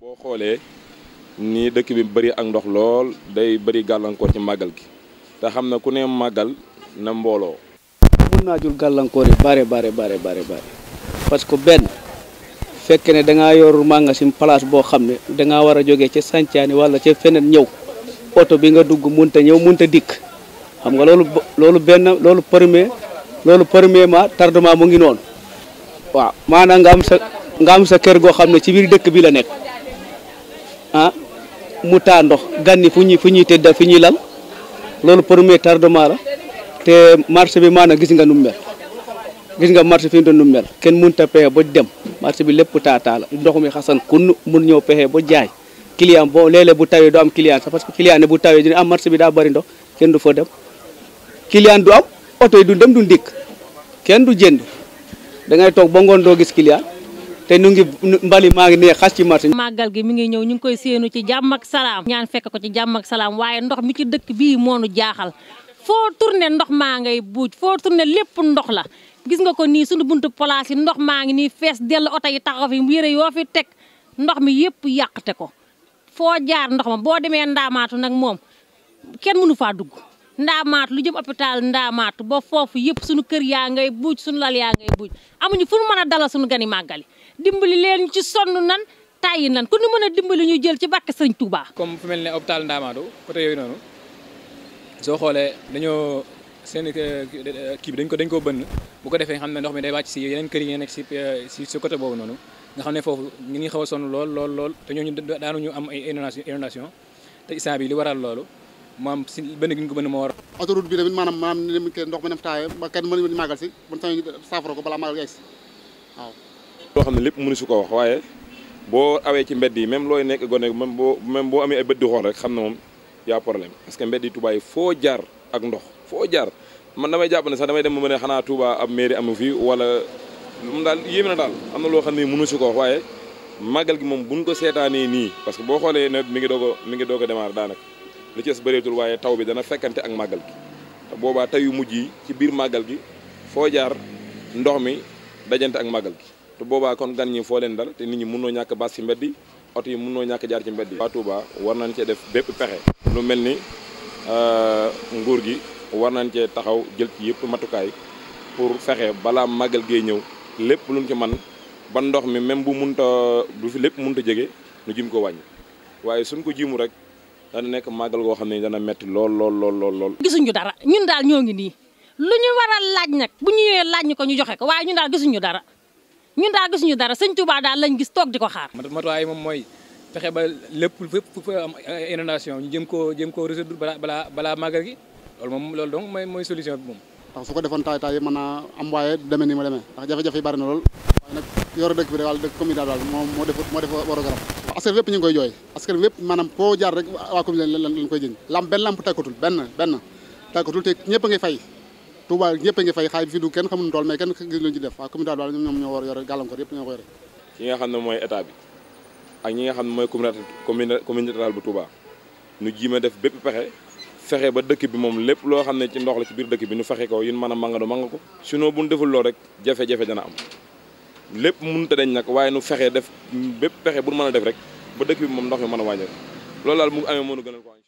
boo xoolee ni dëkk bi bëri ak ndox lool day bëri gàllankoor ci màggal gi te xam na ku ne màggal na mbooloo. mun naa jur gàllankoor yi bare bare bare bare bare parce que benn fekk ne da ngaa yor magasin place boo xam ne da ngaa war a jógee ca Sàncaani wala ca feneen ñëw oto bi nga dugg munta ñëw munta dikk xam nga loolu benn loolu premier loolu premièrement tardement mu ngi noonu waaw maanaam nga am sa nga am sa kër goo xam ne ci biir dëkk bi la nekk. ah mu taa ndox gan yi fu ñuy fu ñuy tëdd fu ñuy lal loolu premier tardement la te marché bi maanaam gis nga nu mel gis nga marché fi mu doon nu mel kenn mënut a pexe ba dem marché bi lépp taataa la ndox mi xasan kun mun ñëw pexe ba jaay client boo léeg bu tawee du am client sax parce que client bu tawee dina am marché bi daa bëri kenn du fa dem client du am oto yi du dem du dikk kenn du jënd da ngay toog ba ngoon doo gis client. te nu ngi mbali maa ngi nee xas ci marché màggal gi mi ngi ñëw ñu ngi koy séenu ci jàmm ak salaam ñaan fekk ko ci jàmm ak salaam waaye ndox mi ci dëkk bii moo nu jaaxal foo tourné ndox maa ngay buuj foo tourné lépp ndox la gis nga ko nii suñu bunt place ndox maa ngi nii fees dellu oto yi taxaw fi yére yoo fi teg ndox mi yëpp yàqte ko foo jaar ndox ma boo demee ndaamaatu nag moom kenn mënu faa dugg ndaamaat lu jëm hôpital ndaamaat ba foofu yëpp suñu kër yaa ngay buuj suñu lal yaa ngay buuj amuñu fu nu mën a dalal suñu gani màggali dimbali leen ci sonn nan tàyyi nan ku ñu mën a dimbali ñu jël ci barke sëñ Touba. comme fu mel ne hôpital ndaamaatu côté yooyu noonu soo xoolee dañoo seen eh, kii bi dañ ko dañ ko bënn bu ko defee xam ne ndox mi day wàcc si yeneen kër yi nga nekk si eh, si si côté boobu noonu nga xam ne foofu ñu ngi xaw a sonn lool lool lool te ñooñu daanuñu am ay inondation te isaan bi li waral loolu maam si benn gi ñu ko mën a ma war autoroute bi tamit maanaam maanaam ni ndox mi dem taaye si ko loo xam ne lépp mënu su ko wax waaye boo awee ci mbedd yi même looy nekk gone même boo même boo amee ay bët rek xam na moom yaa problème parce que mbedd yi Touba yi ak ndox foo jaar man damay jàpp ne sax damay dem ba ne xanaa Touba ab amu fi wala daal yéeme na daal am na loo xam ne mënu su ko wax waaye màggal gi moom buñ ko seetaanee nii parce que boo xoolee nawet mi ngi doog mi ngi doog a démarrer daanaka li ci des bëreetul waaye taw bi dana fekkante ak màggal gi te boobaa taw mujj yi ci biir màggal gi foo jaar ndox mi dajante ak màggal gi te boobaa kon gan ñi foo leen dal te nit ñi mënoo ñàkk baas ci mbedd yi oto yi mënoo ñàkk jaar ci mbedd yi. waa Touba nañ cee def bépp pexe lu mel ni euh, nguur gi war nañ cee taxaw jël ci yëpp matukaay pour fexe balaa màggal gee ñëw lépp luñ ci man ba ndox mi même bu munta du lépp munta jege nu jim ko wàññi waaye suñ ko jimu rek. dana nekk màggal goo xam ne dana metti lool lool lool lool lool. gisuñu dara ñun daal ñoo ngi nii lu ñu war laaj nag bu ñu ñëwee ñu ko ñu joxe ko waaye ñun daal gisuñu dara ñun daal gisuñu dara sëñ Touba daal lañ gis toog di ko xaar. matuwaay moom mooy fexe ba lépp fépp fu am inondation ñu jëm koo jëm koo résoudre balaa balaa balaa màggal gi loolu moom loolu donc mooy mooy solution moom. ndax su ko defoon taay taay mën naa am waaye demee ni ma demee ndax jafe-jafe yi bari na lool waaye nag yore dëkk bi daal dëkk commune askan wépp ñu ngi koy jooy askan wépp maanaam foo jaar rek waa commune lañ koy jëñ lamp benn lamp takkatul benn benn takkatul te ñëpp ngi fay Touba ñëpp a ngi fay xaay bi fi du kenn xamul tool mais kenn gis luñu ci def waa commune daal a yore gàllankoor yëpp ñoo nga xam ne mooy état bi ak ñi nga xam ne mooy commune commune bu Touba nu jiima def bépp pexe fexe ba dëkk bi moom lépp loo xam ne ci ndox la ci biir dëkk bi nu fexe ko yun mën a mangando manga ko sinon buñ deful loolu rek jafe-jafe dana am lépp mënut dañ nag waaye nu fexe def bépp pexe bu mën def rek ba dëkk bi moom ndox mi mën a wàññeeku loolu laal mu amee mënu gënal ko